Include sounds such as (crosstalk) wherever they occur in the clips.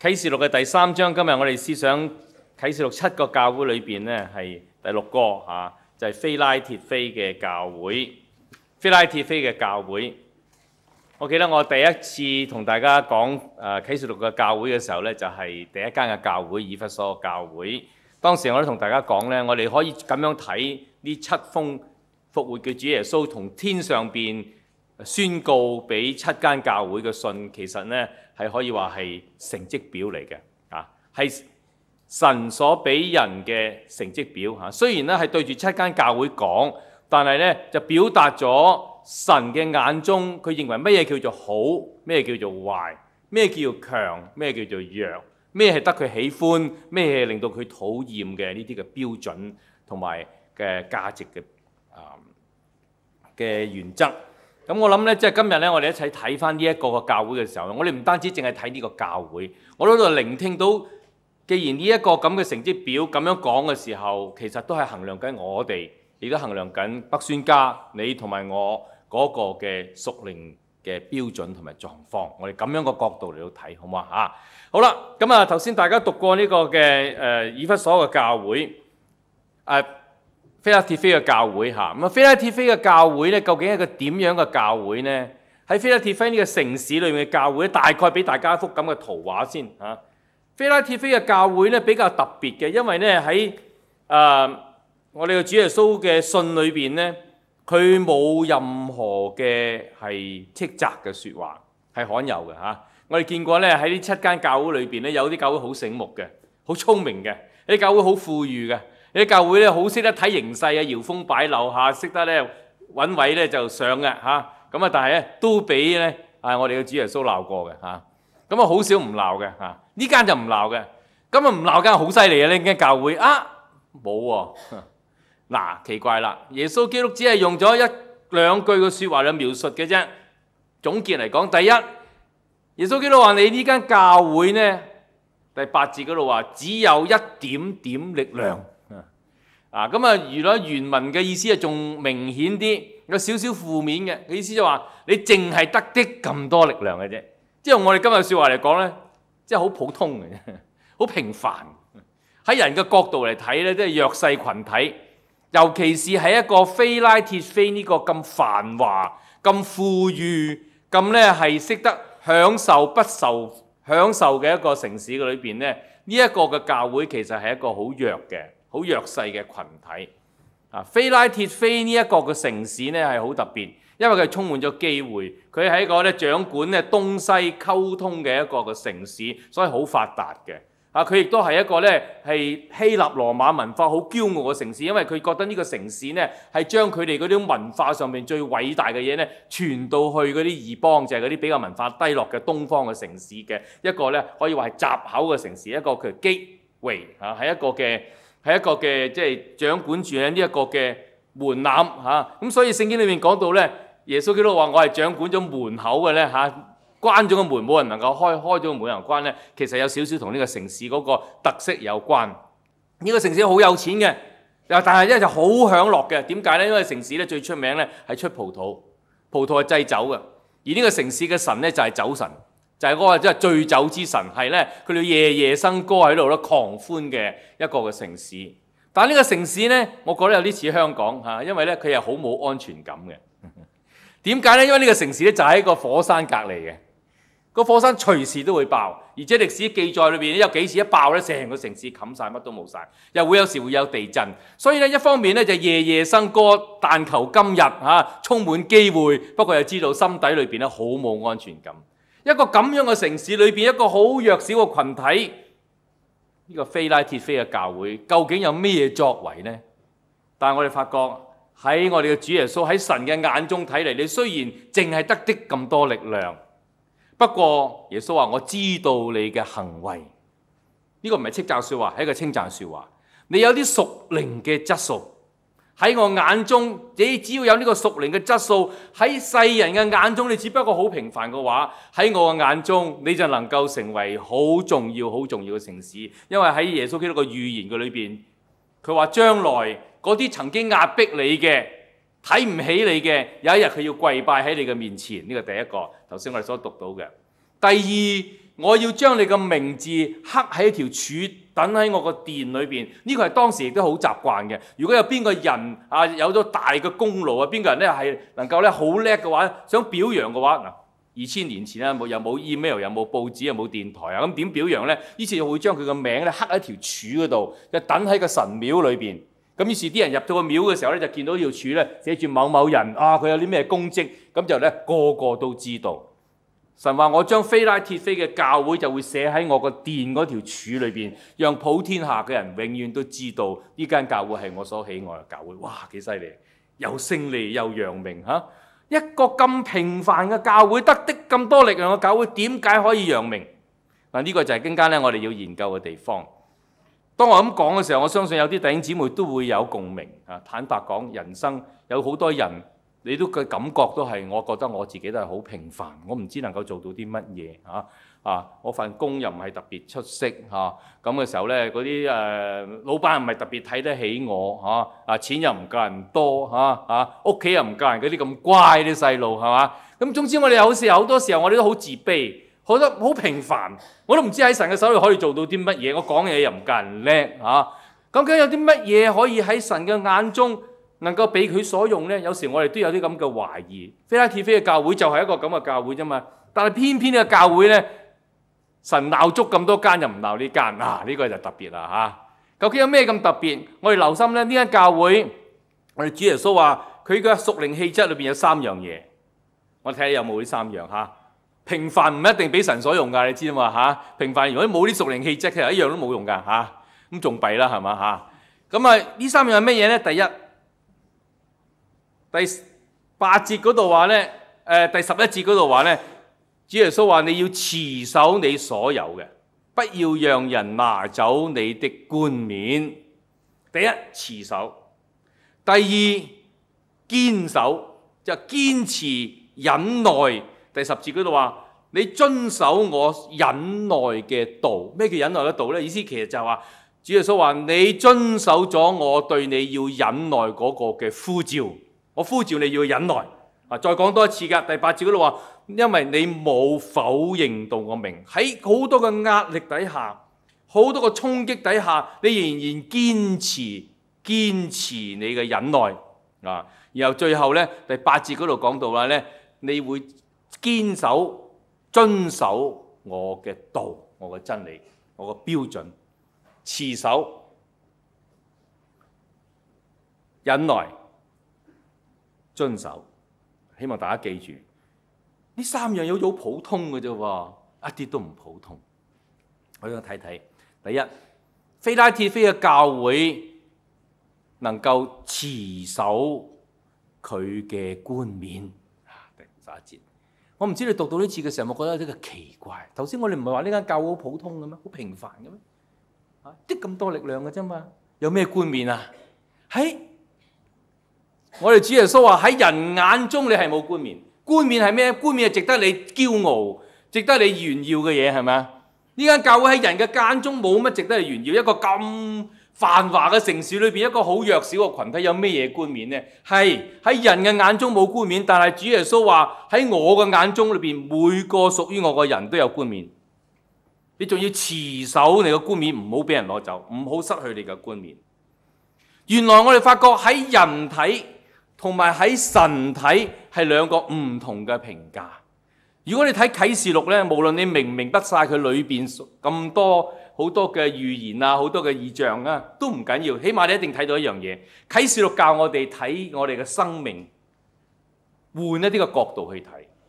啟示錄嘅第三章，今日我哋思想啟示錄七個教會裏邊咧，係第六個吓，就係、是、非拉鐵非嘅教會，非拉鐵非嘅教會。我記得我第一次同大家講誒啟示錄嘅教會嘅時候咧，就係、是、第一間嘅教會以弗所教會。當時我都同大家講咧，我哋可以咁樣睇呢七封復活嘅主耶穌同天上邊宣告俾七間教會嘅信，其實咧。係可以話係成績表嚟嘅，啊係神所俾人嘅成績表嚇。雖然咧係對住七間教會講，但係咧就表達咗神嘅眼中，佢認為乜嘢叫做好，咩叫做壞，咩叫做強，咩叫做弱，咩係得佢喜歡，咩係令到佢討厭嘅呢啲嘅標準同埋嘅價值嘅啊嘅原則。咁我諗呢，即係今日呢，我哋一齊睇翻呢一個個教會嘅時候，我哋唔單止淨係睇呢個教會，我喺度聆聽到，既然呢一個咁嘅成績表咁樣講嘅時候，其實都係衡量緊我哋，亦都衡量緊北宣家你同埋我嗰個嘅屬靈嘅標準同埋狀況，我哋咁樣個角度嚟到睇好唔好吓？好啦，咁啊頭先大家讀過呢、這個嘅誒、呃、以弗所嘅教會，誒、呃。非拉鐵非嘅教會嚇，咁啊非拉鐵非嘅教會咧，究竟係一個點樣嘅教會咧？喺非拉鐵非呢個城市裏面嘅教會咧，大概俾大家一幅咁嘅圖畫先嚇。非拉鐵非嘅教會咧，比較特別嘅，因為咧喺誒我哋嘅主耶穌嘅信裏邊咧，佢冇任何嘅係斥責嘅説話，係罕有嘅嚇。我哋見過咧喺呢七間教會裏邊咧，有啲教會好醒目嘅，好聰明嘅，有啲教會好富裕嘅。啲教會咧好識得睇形勢啊，搖風擺柳下，識得咧揾位咧就上嘅嚇。咁啊，但係咧都俾咧啊我哋嘅主耶穌鬧過嘅嚇。咁啊，好少唔鬧嘅嚇。呢間就唔鬧嘅，咁啊唔鬧梗係好犀利啊！呢間教會啊冇喎，嗱，奇怪啦。耶穌基督只係用咗一兩句嘅説話去描述嘅啫。總結嚟講，第一，耶穌基督話你呢間教會咧，第八節嗰度話只有一點點力量。啊咁啊！原來原文嘅意思仲明顯啲，有少少負面嘅。意思就話：你淨係得啲咁多力量嘅啫。即係我哋今日說話嚟講咧，即係好普通嘅，好平凡。喺人嘅角度嚟睇咧，即係弱勢群體。尤其是喺一個非拉鐵非呢個咁繁華、咁富裕、咁咧係識得享受、不受享受嘅一個城市嘅裏面咧，呢、這、一個嘅教會其實係一個好弱嘅。好弱勢嘅群體啊！非拉鐵非呢一個嘅城市呢係好特別，因為佢充滿咗機會。佢係一個呢掌管呢東西溝通嘅一個嘅城市，所以好發達嘅啊！佢亦都係一個呢係希臘羅馬文化好驕傲嘅城市，因為佢覺得呢個城市呢係將佢哋嗰啲文化上面最偉大嘅嘢呢傳到去嗰啲異邦，就係嗰啲比較文化低落嘅東方嘅城市嘅一個呢可以話係閘口嘅城市，一個佢嘅 gateway 啊，喺一個嘅。係一個嘅，即、就是、掌管住呢一個嘅門檻咁、啊、所以聖經裏面講到呢，耶穌基督話：我係掌管咗門口嘅呢，嚇、啊，關咗個門冇人能夠開，開咗個門冇人關呢，其實有少少同呢個城市嗰個特色有關。呢、這個城市好有錢嘅，但係咧就好享樂嘅。點解呢？因為城市最出名呢係出葡萄，葡萄係製酒嘅。而呢個城市嘅神呢就係酒神。就係、是、嗰個即係醉酒之神，係咧佢哋夜夜笙歌喺度咧狂歡嘅一個嘅城市。但呢個城市呢，我覺得有啲似香港吓，因為呢，佢又好冇安全感嘅。點解呢？因為呢個城市呢，就喺、是、個火山隔離嘅，個火山隨時都會爆，而且歷史記載裏邊有幾次一爆呢，成個城市冚晒乜都冇晒，又會有時會有地震，所以呢，一方面呢，就是、夜夜笙歌，但求今日、啊、充滿機會。不過又知道心底裏面咧好冇安全感。一個咁樣嘅城市裏面，一個好弱小嘅群體，呢個非拉鐵非嘅教會，究竟有咩作為呢？但我哋發覺喺我哋嘅主耶穌喺神嘅眼中睇嚟，你雖然淨係得啲咁多力量，不過耶穌話我知道你嘅行為，呢個唔係斥責說話，係一個稱讚說話。你有啲屬靈嘅質素。喺我眼中，你只要有呢個屬靈嘅質素，喺世人嘅眼中你只不過好平凡嘅話，喺我嘅眼中你就能夠成為好重要、好重要嘅城市。因為喺耶穌基督嘅預言裏面，佢話將來嗰啲曾經壓迫你嘅、睇唔起你嘅，有一日佢要跪拜喺你嘅面前。呢個第一個，頭先我哋所讀到嘅。第二，我要將你嘅名字刻喺一條柱。等喺我個殿裏面，呢個係當時亦都好習慣嘅。如果有邊個人啊有咗大嘅功勞啊，邊個人咧係能夠咧好叻嘅話，想表揚嘅話，二千年前啊，又冇 email，又冇報紙，又冇電台啊，咁點表揚呢？於是會將佢嘅名咧刻喺條柱嗰度，就等喺個神廟裏面。咁於是啲人入到個廟嘅時候，就見到條柱寫住某某人啊，佢有啲咩功績，咁就個個都知道。神話我將非拉鐵非嘅教會就會寫喺我個殿嗰條柱裏邊，讓普天下嘅人永遠都知道呢間教會係我所喜愛嘅教會。哇，幾犀利！又勝利又揚名嚇，一個咁平凡嘅教會得啲咁多力量嘅教會，點解可以揚名？嗱，呢個就係今家咧我哋要研究嘅地方。當我咁講嘅時候，我相信有啲弟兄姊妹都會有共鳴嚇。坦白講，人生有好多人。你都嘅感覺都係，我覺得我自己都係好平凡，我唔知能夠做到啲乜嘢啊啊！我份工又唔係特別出色嚇，咁、啊、嘅時候咧，嗰啲誒老闆唔係特別睇得起我嚇啊，錢又唔夠人多嚇啊，屋、啊、企又唔夠人嗰啲咁乖啲細路係嘛？咁總之我哋有時候好多時候我哋都好自卑，覺得好平凡，我都唔知喺神嘅手裏可以做到啲乜嘢，我講嘢又唔夠人叻嚇。咁究竟有啲乜嘢可以喺神嘅眼中？能夠俾佢所用咧，有時我哋都有啲咁嘅懷疑。非拉鐵非嘅教會就係一個咁嘅教會啫嘛，但係偏偏呢個教會咧，神鬧足咁多間又唔鬧呢間啊！呢、這個就特別啦、啊、究竟有咩咁特別？我哋留心咧，呢間教會我哋主耶穌話佢嘅屬靈氣質裏面有三樣嘢，我睇下有冇呢三樣、啊、平凡唔一定俾神所用噶，你知道嘛，平凡如果冇啲屬靈氣質，其實一樣都冇用噶，咁仲弊啦係嘛嚇？咁啊呢三樣係咩嘢咧？第一。第八節嗰度話呢，誒第十一節嗰度話呢，主耶穌話：你要持守你所有嘅，不要讓人拿走你的冠冕。第一，持守，第二，堅守，就係堅持忍耐。第十節嗰度話：你遵守我忍耐嘅道。咩叫忍耐嘅道呢？意思其實就係話，主耶穌話你遵守咗我對你要忍耐嗰個嘅呼召。我呼召你要忍耐，啊，再講多一次㗎。第八節嗰度話，因為你冇否認到我名，喺好多嘅壓力底下，好多個衝擊底下，你仍然堅持堅持你嘅忍耐，啊，然後最後咧，第八節嗰度講到啦咧，你會堅守遵守我嘅道，我嘅真理，我嘅標準，持守忍耐。遵守，希望大家記住呢三樣嘢好普通嘅啫喎，一啲都唔普通。我而家睇睇，第一，非拉鐵非嘅教會能夠持守佢嘅冠,冠冕啊，第十一節。我唔知你讀到呢次嘅時候我冇覺得呢個奇怪？頭先我哋唔係話呢間教會好普通嘅咩，好平凡嘅咩？啊，啲咁多力量嘅啫嘛，有咩冠冕啊？喺我哋主耶穌話：「喺人眼中你係冇冠冕，冠冕係咩？冠冕係值得你驕傲、值得你炫耀嘅嘢係咪？呢間教會喺人嘅眼中冇乜值得你炫耀，一個咁繁華嘅城市裏面，一個好弱小嘅群體有咩嘢冠冕呢？係喺人嘅眼中冇冠冕，但係主耶穌話：「喺我嘅眼中裏面，每個屬於我嘅人都有冠冕。你仲要持守你嘅冠冕，唔好俾人攞走，唔好失去你嘅冠冕。原來我哋發覺喺人體。同埋喺神睇係兩個唔同嘅評價。如果你睇啟示錄呢，無論你明唔明得曬佢裏面咁多好多嘅預言啊，好多嘅異象啊，都唔緊要。起碼你一定睇到一樣嘢。啟示錄教我哋睇我哋嘅生命，換一啲嘅角度去睇。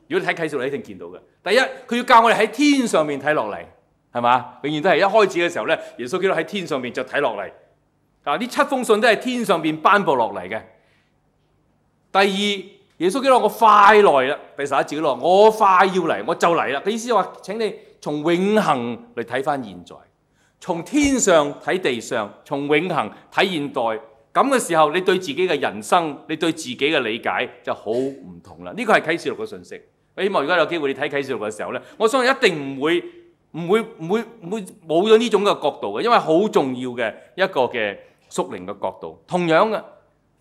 如果你睇啟示錄，你一定見到嘅。第一，佢要教我哋喺天上面睇落嚟，係嘛？永遠都係一開始嘅時候呢，耶穌基督喺天上面就睇落嚟。啊，呢七封信都係天上邊頒布落嚟嘅。第二，耶穌基督話：我快來啦！第十一節自己話：我快要嚟，我就嚟啦。嘅意思就話：請你從永恆嚟睇返現在，從天上睇地上，從永恆睇現代。咁嘅時候，你對自己嘅人生，你對自己嘅理解就好唔同啦。呢個係啟示錄嘅信息。我希望如果有機會你睇啟示錄嘅時候咧，我相信一定唔會唔會唔會唔會冇咗呢種嘅角度嘅，因為好重要嘅一個嘅屬靈嘅角度。同樣嘅。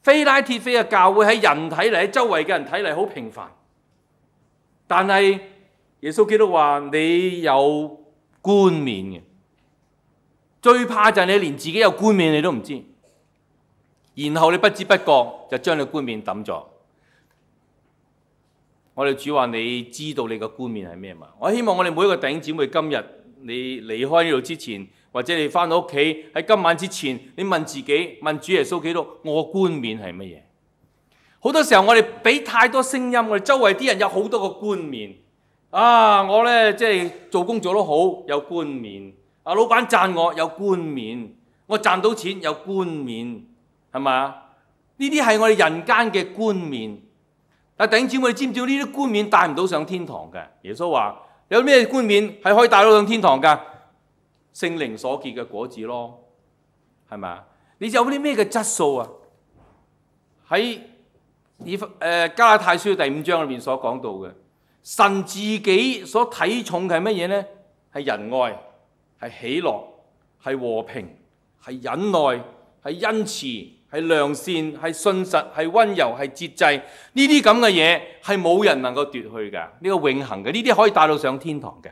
非拉鐵非嘅教會喺人睇嚟，喺周圍嘅人睇嚟好平凡。但係耶穌基督話：你有冠冕嘅。最怕就係你連自己有冠冕你都唔知，然後你不知不覺就將你冠冕抌咗。我哋主話：你知道你嘅冠冕係咩嘛？我希望我哋每一個弟兄姊妹今日你離開呢度之前。或者你返到屋企喺今晚之前，你問自己問主耶穌基督，我個冠冕係乜嘢？好多時候我哋俾太多聲音，我哋周圍啲人有好多個冠冕啊！我呢，即係做工做得好，有冠冕；老闆讚我有冠冕，我賺到錢有冠冕，係咪？呢啲係我哋人間嘅冠冕，但頂尖我哋知唔知呢啲冠冕帶唔到上天堂㗎？耶穌話：有咩冠冕係可以帶到上天堂㗎？聖靈所結嘅果子咯，係咪啊？你知有啲咩嘅質素啊？喺以弗加拉太書第五章裏面所講到嘅，神自己所睇重嘅係乜嘢咧？係仁愛，係喜樂，係和平，係忍耐，係恩慈，係良善，係信實，係温柔，係節制。呢啲咁嘅嘢係冇人能夠奪去㗎，呢個永恆嘅，呢啲可以帶到上天堂嘅。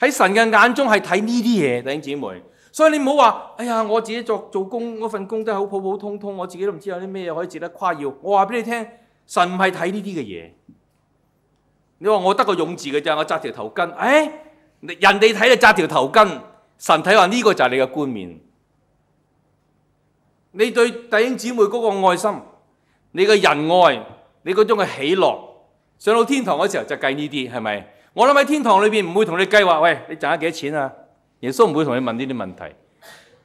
喺神嘅眼中係睇呢啲嘢，弟兄姊妹，所以你唔好話，哎呀，我自己做，做工嗰份工都係好普普通通，我自己都唔知有啲咩嘢可以值得誇耀。我話俾你聽，神唔係睇呢啲嘅嘢。你話我得個勇字嘅，我紮條頭巾，誒、哎，人哋睇你紮條頭巾，神睇話呢個就係你嘅冠冕。你對弟兄姊妹嗰個愛心，你嘅仁愛，你嗰種嘅喜樂，上到天堂嗰時候就計呢啲，係咪？我諗喺天堂裏邊唔會同你計劃，喂，你賺咗幾多錢啊？耶穌唔會同你問呢啲問題，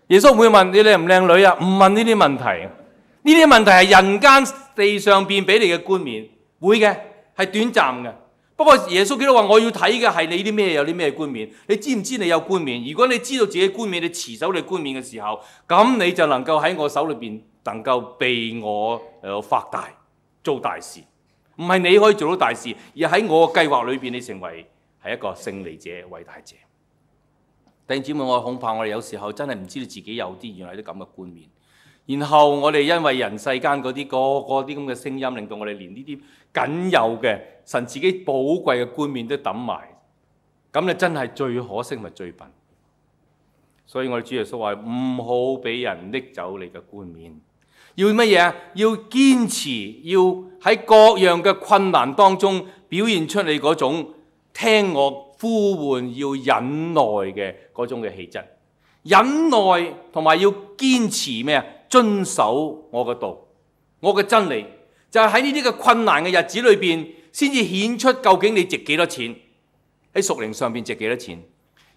耶穌唔會問你靚唔靚女啊，唔問呢啲問題。呢啲問題係人間地上邊俾你嘅冠冕，會嘅係短暫嘅。不過耶穌基督話，我要睇嘅係你啲咩，有啲咩冠冕。你知唔知你有冠冕？如果你知道自己冠冕，你持守你冠冕嘅時候，咁你就能夠喺我手裏邊能夠被我誒發大做大事。唔係你可以做到大事，而喺我嘅計劃裏邊，你成為係一個勝利者、偉大者。弟兄姊妹，我恐怕我哋有時候真係唔知道自己有啲原來啲咁嘅冠冕。然後我哋因為人世間嗰啲、嗰個啲咁嘅聲音，令到我哋連呢啲僅有嘅神自己寶貴嘅冠冕都抌埋。咁你真係最可惜，咪最笨。所以我哋主耶穌話：「唔好俾人拎走你嘅冠冕。」要乜嘢？要堅持，要喺各樣嘅困難當中表現出你嗰種聽我呼喚要忍耐嘅嗰種嘅氣質，忍耐同埋要堅持咩啊？遵守我嘅道，我嘅真理就喺呢啲嘅困難嘅日子裏面先至顯出究竟你值幾多錢，喺屬靈上面值幾多錢。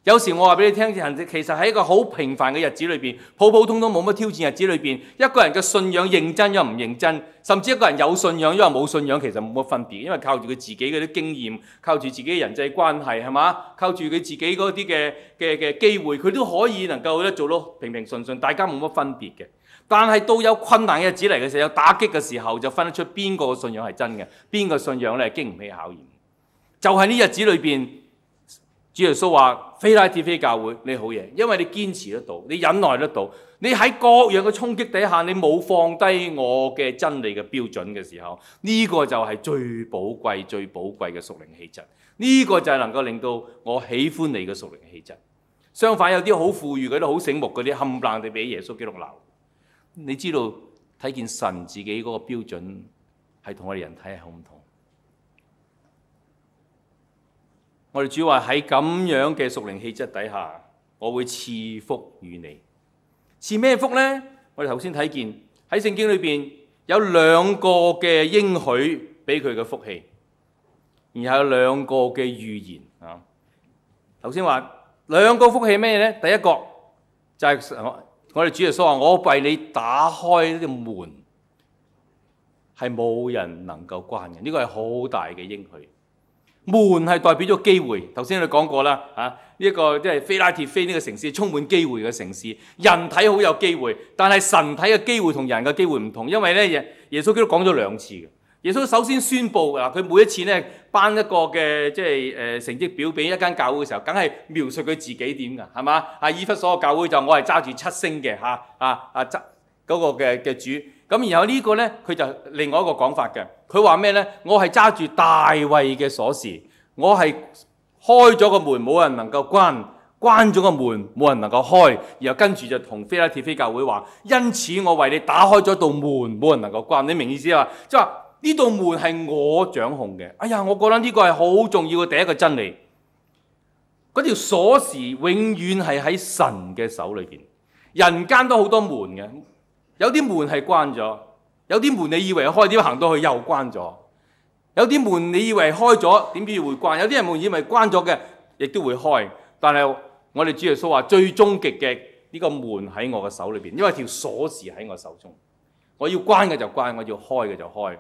有時我話俾你聽，其實喺一個好平凡嘅日子裏邊，普普通通冇乜挑戰嘅日子裏邊，一個人嘅信仰認真又唔認真，甚至一個人有信仰又冇信仰，其實冇乜分別，因為靠住佢自己嘅啲經驗，靠住自己嘅人際關係係嘛，靠住佢自己嗰啲嘅嘅嘅機會，佢都可以能夠咧做到平平順順，大家冇乜分別嘅。但係到有困難嘅日子嚟嘅時候，有打擊嘅時候，就分得出邊個嘅信仰係真嘅，邊個信仰咧係經唔起考驗。就喺、是、呢日子裏邊，主耶穌話。非拉鐵非教會你好嘢，因為你堅持得到，你忍耐得到，你喺各樣嘅衝擊底下，你冇放低我嘅真理嘅標準嘅時候，呢、這個就係最寶貴最寶貴嘅屬靈氣質。呢、這個就係能夠令到我喜歡你嘅屬靈氣質。相反有啲好富裕，佢都好醒目的，啲冚唪唥哋俾耶穌基督鬧。你知道睇見神自己個標準係同我哋人睇係好唔同。我哋主話喺咁樣嘅屬靈氣質底下，我會賜福於你。賜咩福呢？我哋頭先睇見喺聖經裏邊有兩個嘅應許俾佢嘅福氣，然後有兩個嘅預言啊。頭先話兩個福氣咩呢？第一個就係我哋主耶穌話：我為你打開呢個門，係冇人能夠關嘅。呢個係好大嘅應許。門係代表咗機會，頭先你講過啦，嚇呢一個即係非拉鐵非呢個城市充滿機會嘅城市，人體好有機會，但係神體嘅機會同人嘅機會唔同，因為呢，耶耶穌基督講咗兩次。耶穌首先宣佈嗱，佢每一次呢，頒一個嘅即係成績表俾一間教會嘅時候，梗係描述佢自己點㗎，係嘛？阿以弗所教會就我係揸住七星嘅啊啊、嗰、嗰個嘅、嗰個、主。咁然後呢個呢，佢就另外一個講法嘅。佢話咩呢？我係揸住大衞嘅鎖匙，我係開咗個門，冇人能夠關；關咗個門，冇人能夠開。然後跟住就同非拉鐵非教會話：「因此我為你打開咗道門，冇人能夠關。你明意思啊？即係話呢道門係我掌控嘅。哎呀，我覺得呢個係好重要嘅第一個真理。嗰條鎖匙永遠係喺神嘅手裏面，人間都好多門嘅。有啲門係關咗，有啲門你以為開咗，點行到去又關咗；有啲門你以為開咗，點知會關；有啲人門以為關咗嘅，亦都會開。但係我哋主耶穌話：最終極嘅呢個門喺我嘅手裏面，因為條鎖匙喺我手中，我要關嘅就關，我要開嘅就開。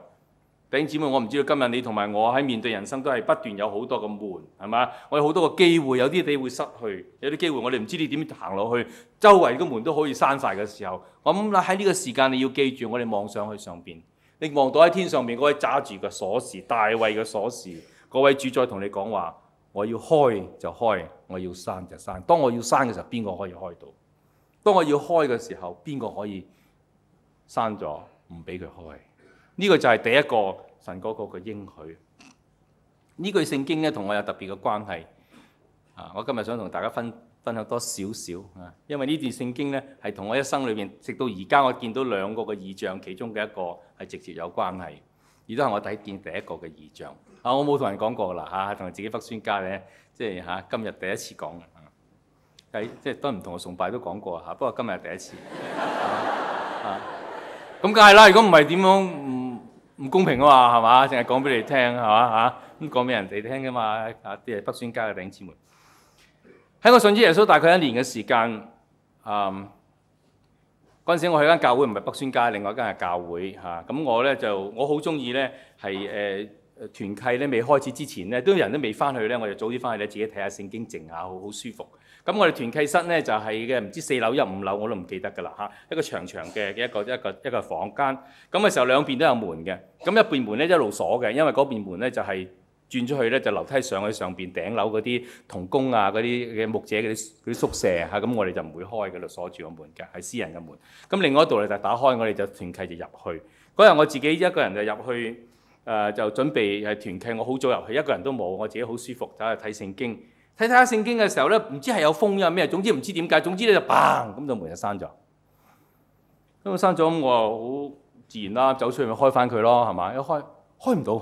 頂姐妹，我唔知道今日你同埋我喺面對人生都係不斷有好多嘅門，係嘛？我有好多個機會，有啲你會失去，有啲機會我哋唔知你點行落去。周圍嘅門都可以閂晒嘅時候，咁啦喺呢個時間你要記住，我哋望上去上邊，你望到喺天上邊嗰位揸住嘅鎖匙，大衞嘅鎖匙，嗰位主宰同你講話：我要開就開，我要閂就閂。當我要閂嘅時候，邊個可以開到？當我要開嘅時候，邊個可以閂咗唔俾佢開？呢、這個就係第一個神哥哥嘅應許。句聖呢句聖經咧，同我有特別嘅關係。啊，我今日想同大家分分享多少少啊，因為段聖呢段聖經咧，係同我一生裏邊，直到而家我見到兩個嘅異象，其中嘅一個係直接有關係。亦都係我第一見第一個嘅異象。啊，我冇同人講過啦嚇，同自己的北宣家咧，即係嚇今日第一次講嘅。喺即係都唔同我崇拜都講過嚇，不過今日係第一次。咁梗係啦，如果唔係點樣？唔公平啊嘛，係嘛？淨係講俾你聽，係嘛？嚇咁講俾人哋聽㗎嘛！啊啲係北宣街嘅弟兄姊妹，喺我信主耶穌大概一年嘅時間，嗯，嗰陣時我去間教會唔係北宣街，另外一間係教會嚇。咁我咧就我好中意咧係誒團契咧未開始之前咧，都人都未翻去咧，我就早啲翻去咧自己睇下聖經靜下，好好舒服。咁我哋團契室咧就係嘅，唔知四樓入五樓我都唔記得㗎啦嚇，一個長長嘅嘅一個一個一個房間。咁嘅時候兩邊都有門嘅，咁一邊門咧一路鎖嘅，因為嗰邊門咧就係轉出去咧就樓梯上去上邊頂樓嗰啲同工啊嗰啲嘅牧者嗰啲啲宿舍嚇，咁我哋就唔會開嘅咯，鎖住個門嘅，係私人嘅門。咁另外一度咧就是打開，我哋就團契就入去。嗰日我自己一個人就入去，誒、呃、就準備誒團契，我好早入去，一個人都冇，我自己好舒服，走去睇聖經。睇睇下聖經嘅時候咧，唔知係有風呀咩，總之唔知點解，總之咧就砰咁，就門就閂咗。咁閂咗咁，我好自然啦，走出去咪開翻佢咯，係嘛？一開開唔到，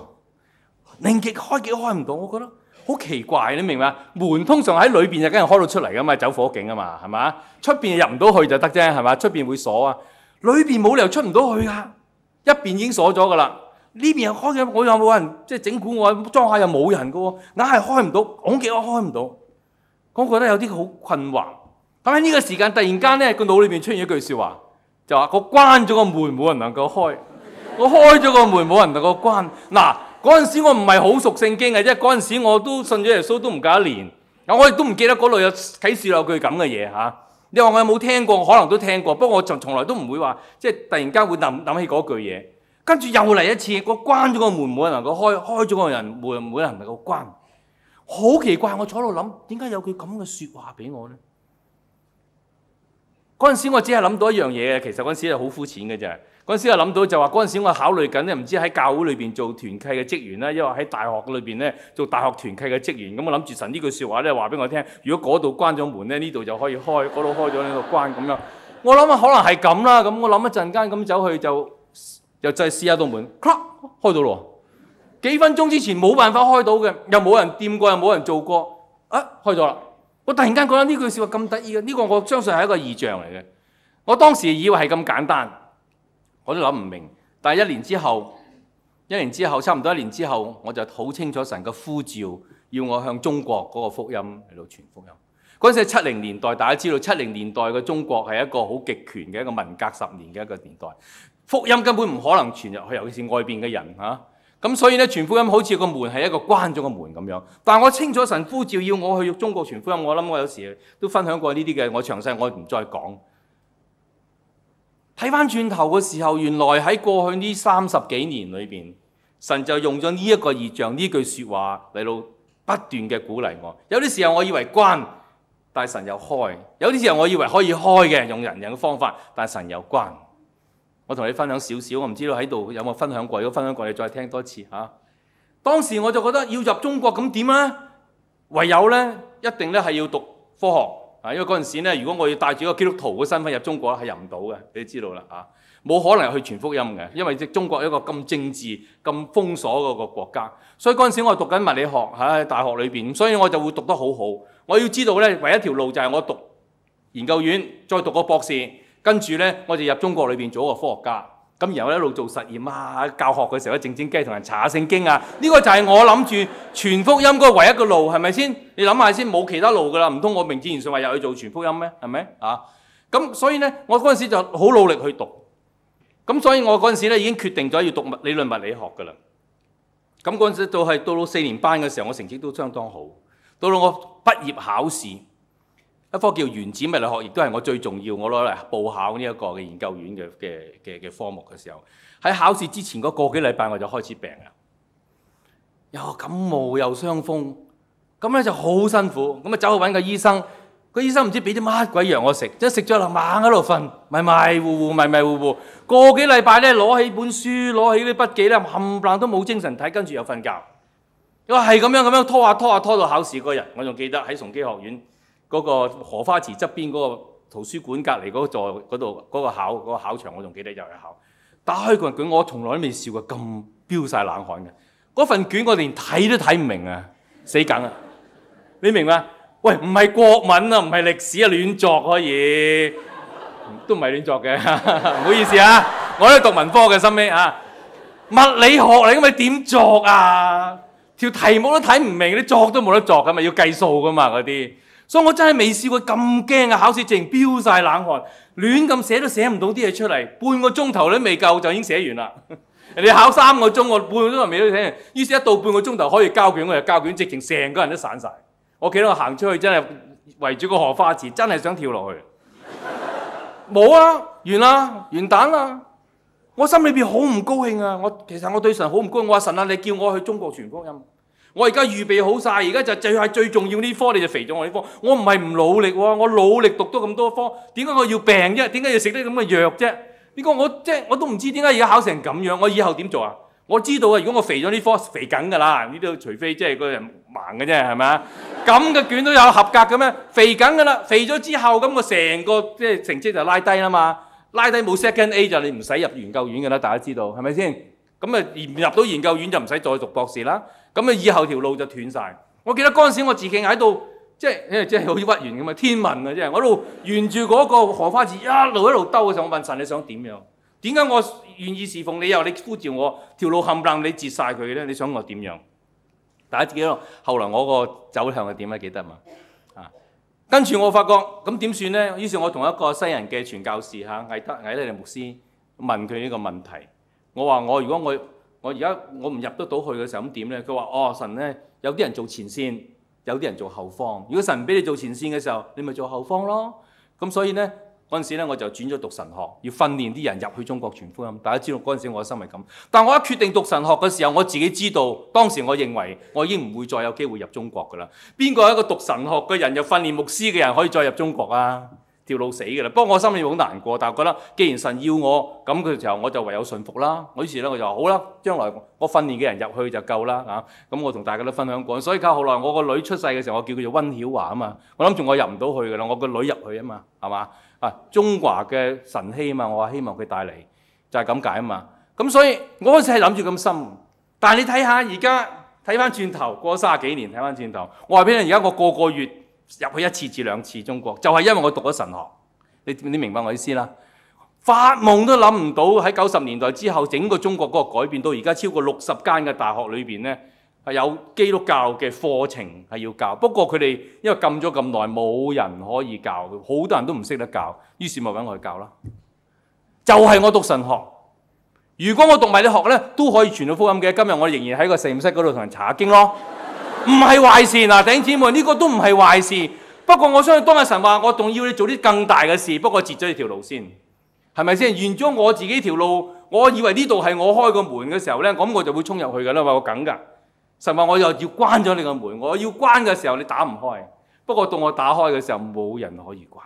擰極開極都開唔到，我覺得好奇怪，你明唔明？門通常喺裏面就梗係開到出嚟噶嘛，走火警啊嘛，係嘛？出面入唔到去就得啫，係嘛？出面會鎖啊，裏面冇理由出唔到去噶，一邊已經鎖咗噶啦。呢邊又開咗，我又冇人即係整蠱我，裝下又冇人㗎喎，硬係開唔到，講極我開唔到，我覺得有啲好困惑。但喺呢個時間突然間咧，個腦裏邊出現一句說話，就話我關咗個門冇人能夠開，我開咗個門冇人能夠關。嗱，嗰陣時我唔係好熟聖經嘅啫，嗰陣時我都信咗耶穌都唔夠一年，我亦都唔記得嗰度有啟示有句咁嘅嘢吓。你話我有冇聽過？可能都聽過，不過我從從來都唔會話即係突然間會諗諗起嗰句嘢。跟住又嚟一次，我關咗個門，冇人能夠開；開咗個人門，冇人，冇人能夠關。好奇怪！我坐度諗，點解有佢咁嘅說話俾我呢？嗰陣時我只係諗到一樣嘢，其實嗰陣時係好膚淺嘅啫。嗰陣時我諗到就話、是，嗰陣時我考慮緊呢唔知喺教會裏面做團契嘅職員啦，因為喺大學裏面呢，做大學團契嘅職員。咁我諗住神呢句說話呢，話俾我聽，如果嗰度關咗門呢，呢度就可以開；嗰度開咗呢度關咁樣。我諗可能係咁啦。咁我諗一陣間咁走去就。又再試下道門 c 開到咯。幾分鐘之前冇辦法開到嘅，又冇人掂過，又冇人做過，啊開咗啦！我突然間覺得呢句說話咁得意嘅，呢、這個我相信係一個異象嚟嘅。我當時以為係咁簡單，我都諗唔明。但係一年之後，一年之後，差唔多一年之後，我就好清楚神嘅呼召，要我向中國嗰個福音嚟到傳福音。嗰陣時係七零年代，大家知道七零年代嘅中國係一個好極權嘅一個文革十年嘅一個年代。福音根本唔可能傳入去，尤其是外邊嘅人啊，咁所以咧，傳福音好似個門係一個關咗個門咁樣。但係我清楚神呼召要我去中國傳福音，我諗我有時都分享過呢啲嘅，我詳細我唔再講。睇翻轉頭嘅時候，原來喺過去呢三十幾年裏邊，神就用咗呢一個異象、呢句說話嚟到不斷嘅鼓勵我。有啲時候我以為關，但神又開；有啲時候我以為可以開嘅，用人人嘅方法，但神又關。我同你分享少少，我唔知道喺度有冇分享過。如果分享過，你再聽多次嚇、啊、當時我就覺得要入中國咁點呢？唯有呢，一定咧係要讀科學、啊、因為嗰陣時呢，如果我要帶住個基督徒嘅身份入中國，係入唔到嘅，你知道啦冇、啊、可能去傳福音嘅，因為中國一個咁政治、咁封鎖嗰個國家。所以嗰陣時我讀緊物理學喺、啊、大學裏面。所以我就會讀得好好。我要知道呢，唯一條路就係我讀研究院，再讀個博士。跟住呢，我就入中國裏面做一個科學家。咁然後一路做實驗啊，教學嘅時候咧靜靜雞同人查下聖經啊。呢個就係我諗住全福音嗰個唯一嘅路，係咪先？你諗下先，冇其他路噶啦。唔通我明知唔信，話入去做全福音咩？係咪啊？咁所以呢，我嗰陣時就好努力去讀。咁所以我嗰陣時呢已經決定咗要讀物理論物理學噶啦。咁嗰陣時到係到四年班嘅時候，我成績都相當好。到到我畢業考試。一科叫原子物理學，亦都係我最重要。我攞嚟報考呢一個研究院嘅嘅嘅嘅科目嘅時候，喺考試之前嗰個幾禮拜，我就開始病啦。又感冒又傷風，咁咧就好辛苦。咁啊走去揾個醫生，個醫生唔知俾啲乜鬼藥我食，即係食咗啦，猛喺度瞓，迷迷糊糊，迷迷糊糊。個幾禮拜咧，攞起本書，攞起啲筆記咧，冚唪唥都冇精神睇，跟住又瞓覺。哇，係咁樣咁樣拖下拖下拖到考試嗰日，我仲記得喺崇基學院，嗰、那個荷花池側邊嗰個圖書館隔離嗰座度嗰、那個考嗰、那個、考場，我仲記得就係考打開個卷，我從來都未笑過咁飆晒冷汗嘅嗰份卷，我連睇都睇唔明啊！死梗啊！你明嘛？喂，唔係國文啊，唔係歷史啊，亂作可以 (laughs) 都唔係亂作嘅，唔好意思啊，我都係讀文科嘅，心尾啊，物理學你嘅咪點作啊？條題目都睇唔明，你作都冇得作㗎嘛，要計數㗎嘛嗰啲。所以我真係未試過咁驚啊！考試直情飆晒冷汗，亂咁寫都寫唔到啲嘢出嚟，半個鐘頭都未夠就已經寫完啦。人哋考三個鐘，我半個鐘頭未到。於是，一到半個鐘頭可以交卷，我就交卷，直情成個人都散晒。我企到我行出去，真係圍住個荷花池，真係想跳落去。冇 (laughs) 啊，完啦，完蛋啦！我心裏面好唔高興啊！我其實我對神好唔高興，我話神啊，你叫我去中國傳福音。我而家預備好晒，而家就最係最重要呢科，你就肥咗我呢科。我唔係唔努力喎，我努力讀多咁多科，點解我要病啫？點解要食啲咁嘅藥啫？呢個我即係我，我都唔知點解而家考成咁樣，我以後點做啊？我知道啊，如果我肥咗呢科，肥緊㗎啦。呢度除非即係個人盲嘅啫，係咪啊？咁 (laughs) 嘅卷都有合格嘅咩？肥緊㗎啦，肥咗之後咁，我個成個即係成績就拉低啦嘛。拉低冇 second A 就你唔使入研究院㗎啦，大家知道係咪先？咁啊，入到研究院就唔使再讀博士啦。咁啊！以後條路就斷晒。我記得嗰陣時，我自己喺度，即係即係好似屈原咁嘛，天問啊！即係我喺度沿住嗰個荷花池一路一路兜嘅時候，我問神：你想點樣？點解我願意侍奉你又你呼召我？條路冚唪唥你截晒佢咧？你想我點樣？大家記得後來我個走向係點咧？記得嘛？啊！跟住我發覺咁點算咧？於是，我同一個西人嘅傳教士嚇艾德、艾德理牧師問佢呢個問題。我話我如果我我而家我唔入得到去嘅時候咁點呢？佢話，哦，神呢，有啲人做前線，有啲人做後方。如果神唔俾你做前線嘅時候，你咪做後方咯。咁所以呢，嗰時呢，我就轉咗讀神學，要訓練啲人入去中國傳福音。大家知道嗰時我嘅心係咁，但我一決定讀神學嘅時候，我自己知道當時我認為我已經唔會再有機會入中國噶啦。邊個係一個讀神學嘅人又訓練牧師嘅人可以再入中國啊？條路死㗎喇。不過我心裏面好難過，但我覺得既然神要我，咁嗰時候我就唯有信服啦。於是呢、啊啊啊，我就話好啦，將來我訓練嘅人入去就夠啦啊！咁我同大家都分享過，所以靠後來我個女出世嘅時候，我叫佢做温曉華啊嘛。我諗住我入唔到去㗎喇，我個女入去啊嘛，係咪、啊？中華嘅神氣啊嘛，我話希望佢帶嚟就係咁解啊嘛。咁所以我嗰時係諗住咁深，但你睇下而家睇返轉頭過咗三十幾年，睇返轉頭，我話俾你聽，而家我個個月，入去一次至兩次中國，就係因為我讀咗神學，你你明白我嘅意思啦？發夢都諗唔到喺九十年代之後，整個中國嗰個改變到而家超過六十間嘅大學裏邊呢，係有基督教嘅課程係要教。不過佢哋因為禁咗咁耐，冇人可以教，好多人都唔識得教，於是咪揾我去教啦。就係我讀神學，如果我讀埋啲學呢，都可以傳到福音嘅。今日我仍然喺個實驗室嗰度同人查下經咯。唔係壞事嗱，頂姊妹呢、呢個都唔係壞事。不過我相信當日神話，我仲要你做啲更大嘅事。不過截咗你條路先，係咪先？完咗我自己條路，我以為呢度係我開個門嘅時候呢，咁我就會衝入去噶啦，我梗噶。神話我又要關咗你個門，我要關嘅時候你打唔開。不過到我打開嘅時候，冇人可以關。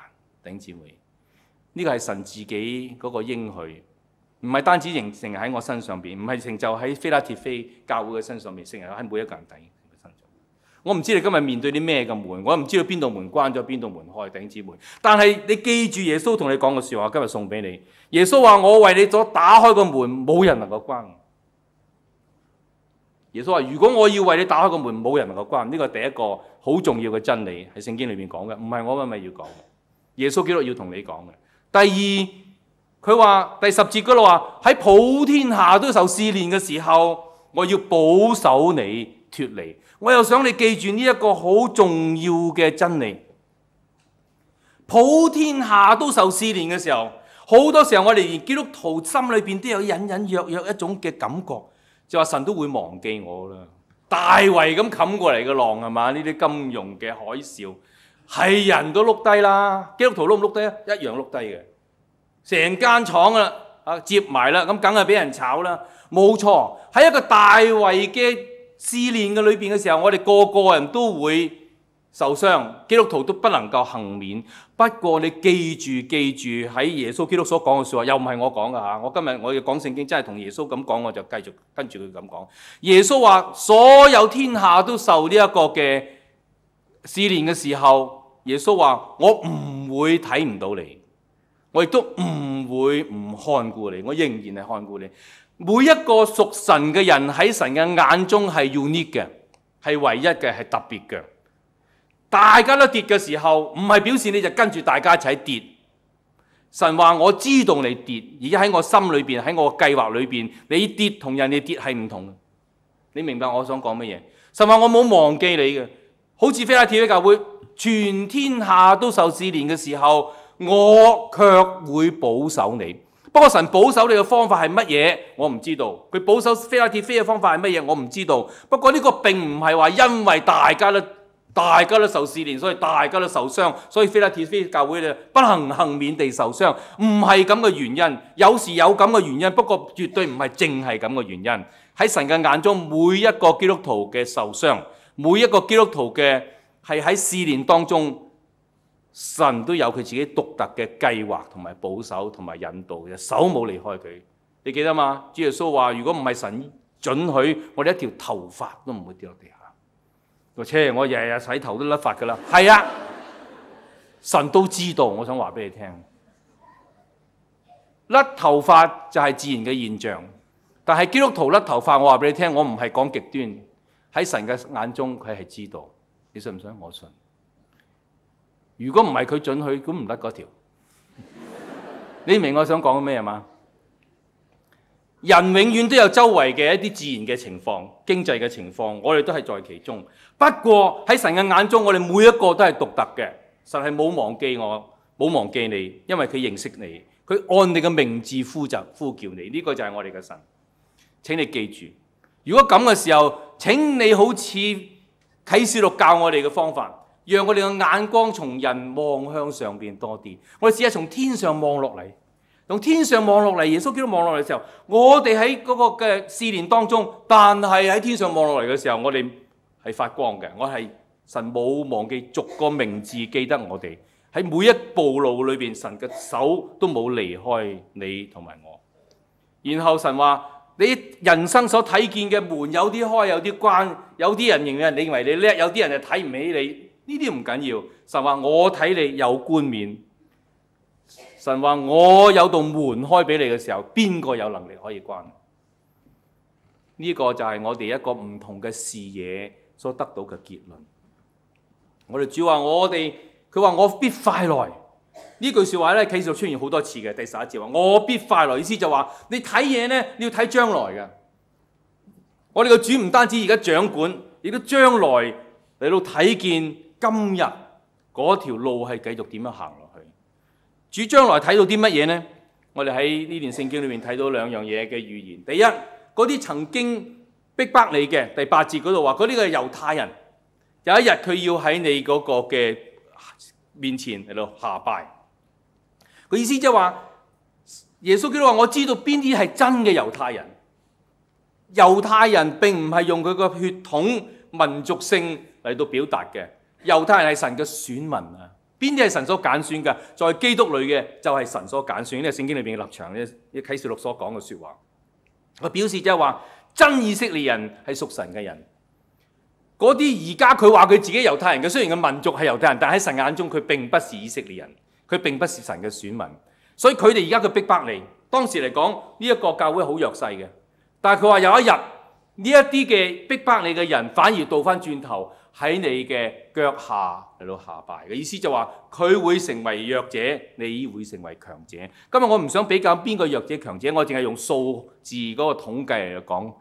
頂姊妹，呢個係神自己嗰個應許，唔係單止形成喺我身上邊，唔係成就喺非拉鐵非教會嘅身上面，成日喺每一個人底。我唔知你今日面對啲咩嘅門，我唔知道邊度門關咗，邊度門開，頂子門，門。但係你記住耶穌同你講嘅說的話，今日送俾你。耶穌話：我為你咗打開個門，冇人能夠關。耶穌話：如果我要為你打開個門，冇人能夠關。呢、這個係第一個好重要嘅真理喺聖經裏面講嘅，唔係我咪咪要講。耶穌基督要同你講嘅。第二，佢話第十節嗰度話喺普天下都受試煉嘅時候，我要保守你脱離。我又想你記住呢一個好重要嘅真理。普天下都受試煉嘅時候，好多時候我哋連基督徒心裏邊都有隱隱約約一種嘅感覺，就話神都會忘記我啦。大圍咁冚過嚟嘅浪係嘛？呢啲金融嘅海嘯係人都碌低啦，基督徒碌唔碌低啊？一樣碌低嘅，成間廠啊，接埋啦，咁梗係俾人炒啦。冇錯，喺一個大圍嘅試煉嘅裏邊嘅時候，我哋個個人都會受傷，基督徒都不能夠幸免。不過你記住記住，喺耶穌基督所講嘅說話，又唔係我講噶吓。我今日我要講聖經，真係同耶穌咁講，我就繼續跟住佢咁講。耶穌話：所有天下都受呢一個嘅試煉嘅時候，耶穌話：我唔會睇唔到你，我亦都唔會唔看顧你，我仍然係看顧你。每一個屬神嘅人喺神嘅眼中係 unique 嘅，係唯一嘅，係特別嘅。大家都跌嘅時候，唔係表示你就跟住大家一齊跌。神話我知道你跌，而家喺我心裏邊喺我計劃裏邊，你跌，人跌同人哋跌係唔同。你明白我想講乜嘢？神話我冇忘記你嘅，好似非拉鐵嘅教會，全天下都受試煉嘅時候，我卻會保守你。不過神保守你嘅方法係乜嘢？我唔知道。佢保守非拉鐵非嘅方法係乜嘢？我唔知道。不過呢個並唔係話因為大家都大家都受試煉，所以大家都受傷，所以非拉鐵非教會咧不能幸免地受傷。唔係咁嘅原因，有時有咁嘅原因。不過絕對唔係淨係咁嘅原因。喺神嘅眼中，每一個基督徒嘅受傷，每一個基督徒嘅係喺試煉當中。神都有佢自己獨特嘅計劃同埋保守同埋引導嘅，手冇離開佢。你記得嘛？主耶穌話：如果唔係神准許，我哋一條頭髮都唔會掉落地下。我切，我日日洗頭都甩發㗎喇。係啊，神都知道。我想話俾你聽，甩頭髮就係自然嘅現象。但係基督徒甩頭髮，我話俾你聽，我唔係講極端。喺神嘅眼中，佢係知道。你信唔信？我信。如果唔係佢准許，咁唔得嗰條。你明我想講咩嘛？人永遠都有周圍嘅一啲自然嘅情況、經濟嘅情況，我哋都係在其中。不過喺神嘅眼中，我哋每一個都係獨特嘅。神係冇忘記我，冇忘記你，因為佢認識你，佢按你嘅名字呼召呼叫你。呢、這個就係我哋嘅神，請你記住。如果咁嘅時候，請你好似啟示錄教我哋嘅方法。讓我哋嘅眼光從人望向上邊多啲。我哋試下從天上望落嚟，從天上望落嚟。耶穌基督望落嚟嘅時候，我哋喺嗰個嘅試驗當中，但係喺天上望落嚟嘅時候，我哋係發光嘅。我係神冇忘記逐個名字，記得我哋喺每一步路裏邊，神嘅手都冇離開你同埋我。然後神話，你人生所睇見嘅門有啲開，有啲關，有啲人認為你認為你叻，有啲人就睇唔起你。呢啲唔緊要緊，神話我睇你有冠冕，神話我有道門開俾你嘅時候，邊個有能力可以關？呢、這個就係我哋一個唔同嘅視野所得到嘅結論。我哋主話我哋，佢話我必快來，這句呢句説話咧，其實出現好多次嘅。第十一節話我必快來，意思就話你睇嘢咧，你要睇將來嘅。我哋個主唔單止而家掌管，亦都將來嚟到睇見。今日嗰條路係繼續點樣行落去？主將來睇到啲乜嘢呢？我哋喺呢段聖經裏面睇到兩樣嘢嘅預言。第一，嗰啲曾經逼迫你嘅，第八節嗰度話，嗰啲嘅猶太人有一日佢要喺你嗰個嘅面前喺度下拜。個意思即係話，耶穌基督話我知道邊啲係真嘅猶太人。猶太人並唔係用佢個血統、民族性嚟到表達嘅。猶太人係神嘅選民啊，邊啲係神所揀選嘅？在基督裏嘅就係神所揀選。呢個聖經裏邊嘅立場，呢啲啟示錄所講嘅說話，佢表示即係話真以色列人係屬神嘅人。嗰啲而家佢話佢自己猶太人嘅，雖然個民族係猶太人，但喺神眼中佢並不是以色列人，佢並不是神嘅選民。所以佢哋而家佢逼迫你。當時嚟講呢一個教會好弱勢嘅。但係佢話有一日呢一啲嘅逼迫你嘅人反而倒翻轉頭。喺你嘅腳下嚟到下拜嘅意思，就話佢會成為弱者，你會成為強者。今日我唔想比較邊個弱者強者，我淨係用數字嗰個統計嚟講。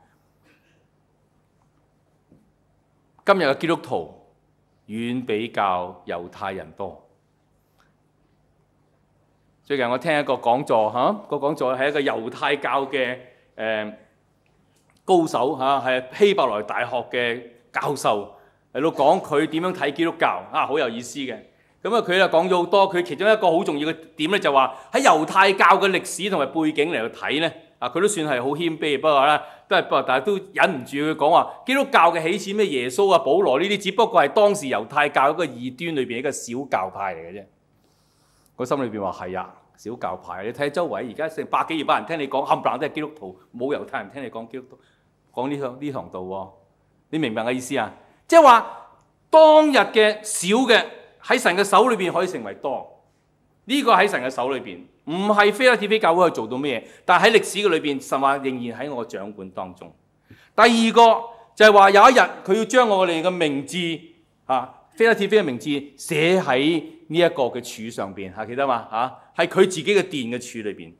今日嘅基督徒遠比較猶太人多。最近我聽一個講座嚇，個講座係一個猶太教嘅誒高手嚇，係希伯來大學嘅教授。嚟到講佢點樣睇基督教啊，好有意思嘅。咁啊，佢又講咗好多。佢其中一個好重要嘅點咧，就話喺猶太教嘅歷史同埋背景嚟到睇咧，啊，佢都算係好謙卑。不過咧，都係不過，但係都忍唔住去講話基督教嘅起始咩耶穌啊、保羅呢啲，只不過係當時猶太教一個異端裏邊一個小教派嚟嘅啫。個心裏邊話係啊，小教派。你睇下周圍而家成百幾二百人聽你講，冚唪唥都係基督徒，冇猶太人聽你講基督教，講呢堂呢堂道。你明白我意思啊？即係話當日嘅少嘅喺神嘅手裏邊可以成為多，呢、這個喺神嘅手裏邊唔係非拉鐵非教會去做到咩嘢？但係喺歷史嘅裏邊，神話仍然喺我嘅掌管當中。第二個就係、是、話有一日佢要將我哋嘅名字啊，非拉鐵非嘅名字寫喺呢一個嘅柱上邊，記得嘛？吓，係佢自己嘅殿嘅柱裏邊。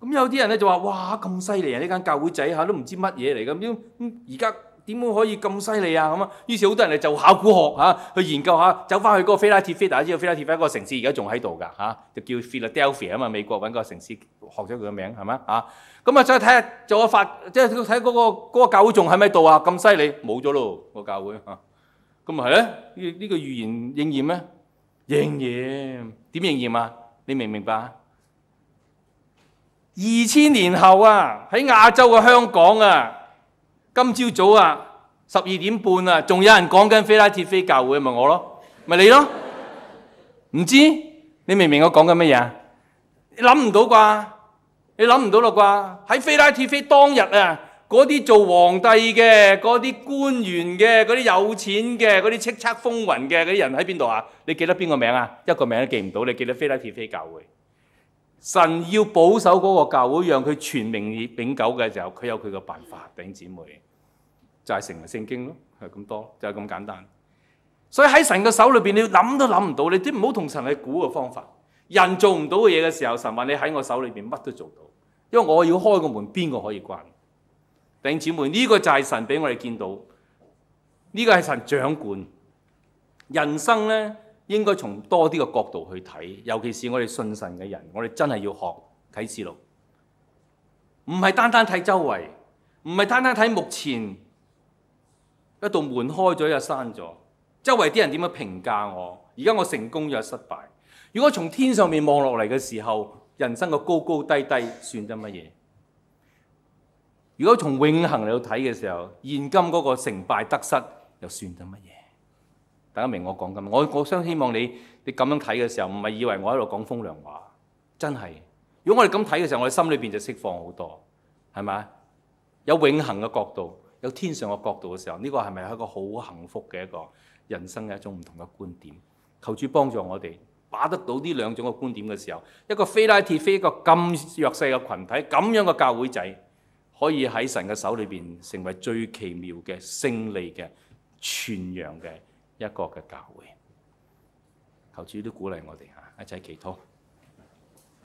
咁有啲人咧就話，哇，咁犀利啊！呢間教會仔吓都唔知乜嘢嚟咁，咁而家。點會可以咁犀利啊？咁啊，於是好多人就考古學嚇，去研究下，走翻去嗰個菲拉鐵菲，大家知道菲拉鐵菲嗰個城市而家仲喺度噶嚇，就叫 Philadelphia 啊嘛，美國揾個城市學咗佢嘅名係嘛嚇？咁啊，再睇下做個發，即係睇嗰個嗰個教會仲喺咪度啊？咁犀利，冇咗咯個教會嚇，咁咪係咧？呢呢個預言應驗咩？應驗點應驗啊？你明唔明白啊？二千年後啊，喺亞洲嘅香港啊。今朝早，早啊，十二點半啊，仲有人講緊非拉鐵非教會，咪、就是、我咯，咪、就是、你咯？唔 (laughs) 知？你明唔明我講緊乜嘢？你諗唔到啩？你諗唔到啦啩？喺非拉鐵非當日啊，嗰啲做皇帝嘅、嗰啲官員嘅、嗰啲有錢嘅、嗰啲叱咤風雲嘅嗰啲人喺邊度啊？你記得邊個名啊？一個名都記唔到，你記得非拉鐵非教會？神要保守嗰個教會，讓佢全名永久嘅時候，佢有佢嘅辦法，弟兄姊妹。就係成為聖經咯，係咁多，就係咁簡單。所以喺神嘅手裏邊，你要諗都諗唔到，你啲唔好同神去估個方法。人做唔到嘅嘢嘅時候，神話你喺我手裏邊乜都做到，因為我要開個門，邊個可以關？弟兄姊妹，呢個就係神俾我哋見到，呢個係神掌管人生呢，應該從多啲嘅角度去睇，尤其是我哋信神嘅人，我哋真係要學啟示錄，唔係單單睇周圍，唔係單單睇目前。一道門開咗又閂咗，周圍啲人點樣評價我？而家我成功又失敗。如果從天上面望落嚟嘅時候，人生嘅高高低低算得乜嘢？如果從永恆嚟到睇嘅時候，現今嗰個成敗得失又算得乜嘢？大家明我講緊乜？我我相希望你你咁樣睇嘅時候，唔係以為我喺度講風涼話，真係。如果我哋咁睇嘅時候，我哋心裏邊就釋放好多，係咪？有永恆嘅角度。有天上嘅角度嘅時候，呢、這個係咪係一個好幸福嘅一個人生嘅一種唔同嘅觀點？求主幫助我哋把得到呢兩種嘅觀點嘅時候，一個非拉鐵非一個咁弱勢嘅群體，咁樣嘅教會仔，可以喺神嘅手裏邊成為最奇妙嘅勝利嘅傳揚嘅一個嘅教會。求主都鼓勵我哋嚇一齊祈禱。